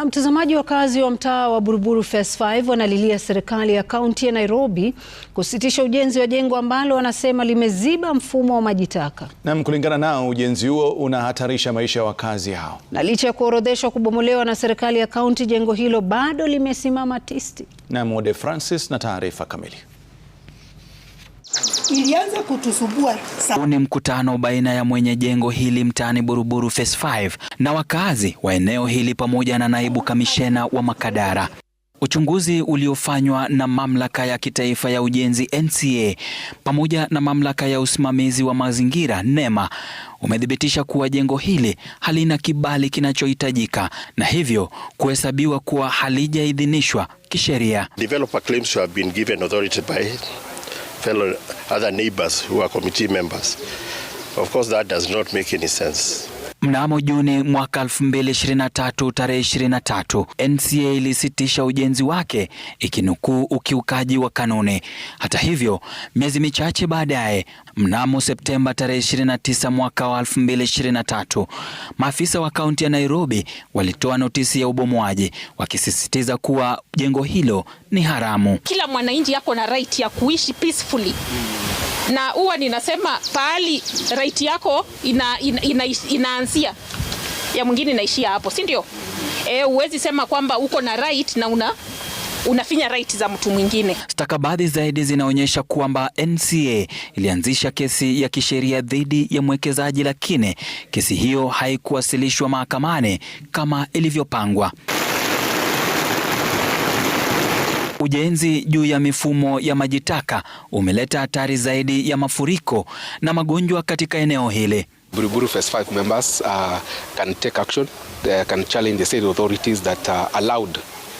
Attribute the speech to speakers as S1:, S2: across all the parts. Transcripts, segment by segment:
S1: Ah, mtazamaji, wakazi wa mtaa wa Buruburu Phase 5 wanalilia serikali ya kaunti ya Nairobi kusitisha ujenzi wa jengo ambalo wanasema limeziba mfumo wa maji taka.
S2: Naam, kulingana nao ujenzi huo unahatarisha maisha ya wakazi hao,
S1: na licha ya kuorodheshwa kubomolewa na serikali ya kaunti, jengo hilo bado limesimama tisti.
S2: Naam, Ode Francis na taarifa kamili
S3: ilianza kutusubua sana.
S4: Ni mkutano baina ya mwenye jengo hili mtaani Buruburu Phase 5 na wakazi wa eneo hili pamoja na naibu kamishena wa Makadara. Uchunguzi uliofanywa na mamlaka ya kitaifa ya ujenzi NCA pamoja na mamlaka ya usimamizi wa mazingira NEMA umethibitisha kuwa jengo hili halina kibali kinachohitajika na hivyo kuhesabiwa kuwa halijaidhinishwa kisheria.
S5: Developer claims to have been given authority by fellow other neighbors who are committee members. Of course, that does not make any sense.
S4: Mnamo Juni mwaka 2023 tarehe 23, NCA ilisitisha ujenzi wake ikinukuu ukiukaji wa kanuni. Hata hivyo, miezi michache baadaye, mnamo Septemba tarehe 29 mwaka wa 2023, maafisa wa kaunti ya Nairobi walitoa notisi ya ubomoaji wakisisitiza kuwa jengo hilo ni haramu.
S6: Kila mwananchi yako na right ya kuishi peacefully na huwa ninasema pahali right yako ina, ina, ina, inaanzia ya mwingine inaishia hapo, si ndio? E, uwezi sema kwamba uko na right na una unafinya right za mtu mwingine.
S4: Stakabadhi zaidi zinaonyesha kwamba NCA ilianzisha kesi ya kisheria dhidi ya mwekezaji, lakini kesi hiyo haikuwasilishwa mahakamani kama ilivyopangwa. Ujenzi juu ya mifumo ya maji taka umeleta hatari zaidi ya mafuriko na magonjwa katika eneo hili.
S5: Buruburu first five members uh, can take action. They can challenge the state authorities that uh, allowed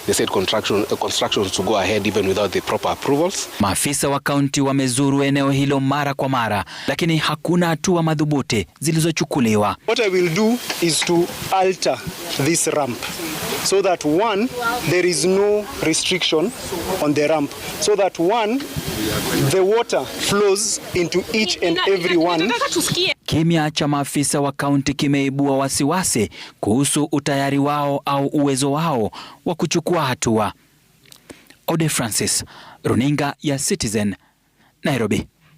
S5: they said construction, uh, constructions to go ahead even without the proper approvals.
S4: Maafisa wa kaunti wamezuru eneo hilo mara kwa mara, lakini hakuna hatua madhubuti zilizochukuliwa.
S7: What I will do is to alter this ramp so that one there is no restriction on the ramp so that one the water flows into each and every one
S4: Kimya cha maafisa wa kaunti kimeibua wasiwasi kuhusu utayari wao au uwezo wao wa kuchukua hatua. Ode Francis, Runinga ya Citizen, Nairobi.